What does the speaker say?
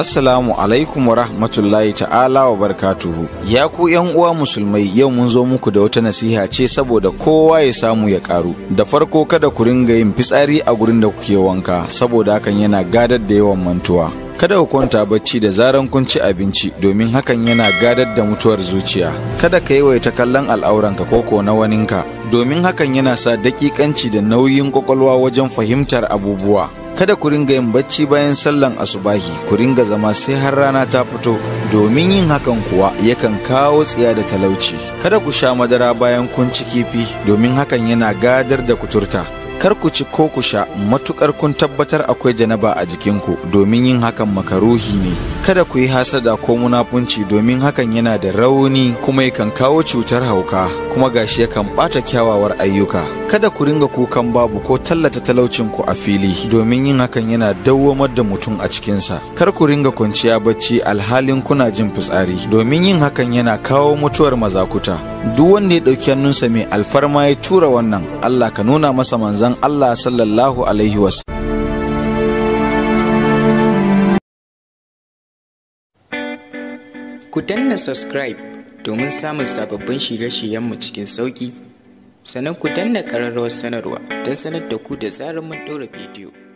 Assalamu alaikum wa rahmatullahi ta'ala wa barkatuhu. Ya ku ‘yan uwa musulmai yau mun zo muku da wata nasiha ce saboda kowa ya samu ya ƙaru. Da farko kada ku ringa yin fitsari a gurin da kuke wanka saboda hakan yana gadar da yawan mantuwa. Kada ku kwanta bacci da zaran kun ci abinci domin hakan yana gadar da mutuwar zuciya. Kada ka yi yawaita kallon al'auranka ko ko na waninka domin hakan yana sa dakikanci da nauyin kwakwalwa wajen fahimtar abubuwa. kada ku ringa yin bacci bayan sallan asubahi ku ringa zama sai har rana ta fito domin yin hakan kuwa yakan kawo tsiya da talauci kada ku sha madara bayan kun ci kifi domin hakan yana gadar da kuturta kar ku ci ko ku sha matukar kun tabbatar akwai janaba a jikinku domin yin hakan makaruhi ne kada ku yi hasada ko munafunci domin hakan yana da rauni kuma yakan kawo cutar hauka kuma gashi yakan bata kyawawar ayyuka kada ku ringa kukan babu ko tallata talaucin ku a fili domin yin hakan yana dawwamar da mutum a cikinsa kar ku ringa kwanciya bacci alhalin kuna jin fitsari domin yin hakan yana kawo mutuwar mazakuta duk wanda ya ɗauki hannunsa mai alfarma ya tura wannan Allah ka nuna masa manzon Allah sallallahu alaihi wasallam Ku danna subscribe domin samun sababbin shirye-shiryenmu cikin sauƙi, sannan ku danna ƙararrawar sanarwa don sanar da ku da zarar mun ɗora bidiyo.